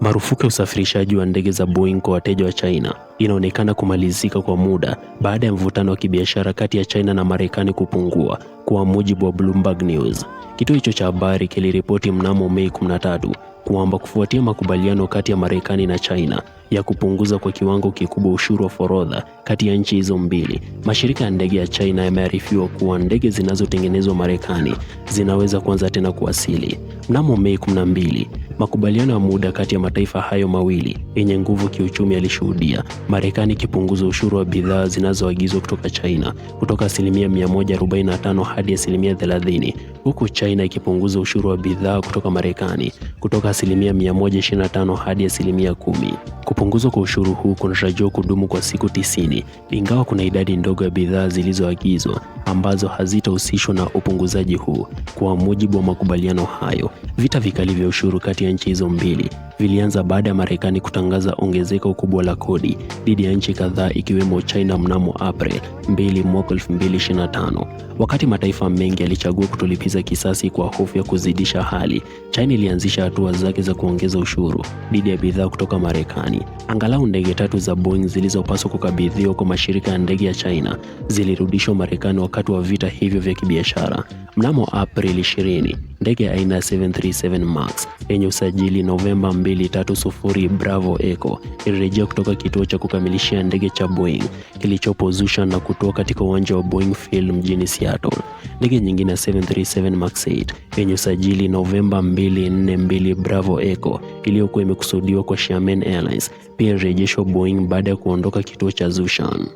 Marufuku ya usafirishaji wa ndege za Boeing kwa wateja wa China inaonekana kumalizika kwa muda baada ya mvutano wa kibiashara kati ya China na Marekani kupungua, kwa mujibu wa Bloomberg News. Kituo hicho cha habari kiliripoti mnamo Mei 13 kwamba kufuatia makubaliano kati ya Marekani na China ya kupunguza kwa kiwango kikubwa ushuru wa forodha kati ya nchi hizo mbili, mashirika ya ndege ya China yamearifiwa kuwa ndege zinazotengenezwa Marekani zinaweza kuanza tena kuwasili. Mnamo Mei 12, Makubaliano ya muda kati ya mataifa hayo mawili yenye nguvu kiuchumi yalishuhudia Marekani ikipunguza ushuru wa bidhaa zinazoagizwa kutoka China kutoka asilimia 145 hadi asilimia 30, huku China ikipunguza ushuru wa bidhaa kutoka Marekani kutoka asilimia 125 hadi asilimia 10. Kupunguzwa kwa ushuru huu kunatarajiwa kudumu kwa siku 90, ingawa kuna idadi ndogo ya bidhaa zilizoagizwa ambazo hazitahusishwa na upunguzaji huu. Kwa mujibu wa makubaliano hayo, vita vikali vya ushuru kati ya nchi hizo mbili vilianza baada ya Marekani kutangaza ongezeko kubwa la kodi dhidi ya nchi kadhaa ikiwemo China mnamo April 2 mwaka 2025. Wakati mataifa mengi yalichagua kutolipiza kisasi kwa hofu ya kuzidisha hali, China ilianzisha hatua zake za kuongeza ushuru dhidi ya bidhaa kutoka Marekani. Angalau ndege tatu za Boeing zilizopaswa kukabidhiwa kwa mashirika ya ndege ya China zilirudishwa Marekani wakati wa vita hivyo vya kibiashara. Mnamo April 20 ndege aina ya 737 Max yenye usajili Novemba 230 Bravo Echo ilirejea kutoka kituo cha kukamilishia ndege cha Boeing kilichopo Zusha na kutua katika uwanja wa Boeing Field mjini Seattle. Ndege nyingine ya 737 Max 8 yenye usajili Novemba 242 Bravo Echo iliyokuwa imekusudiwa kwa Xiamen Airlines pia ilirejeshwa Boeing baada ya kuondoka kituo cha Zushan.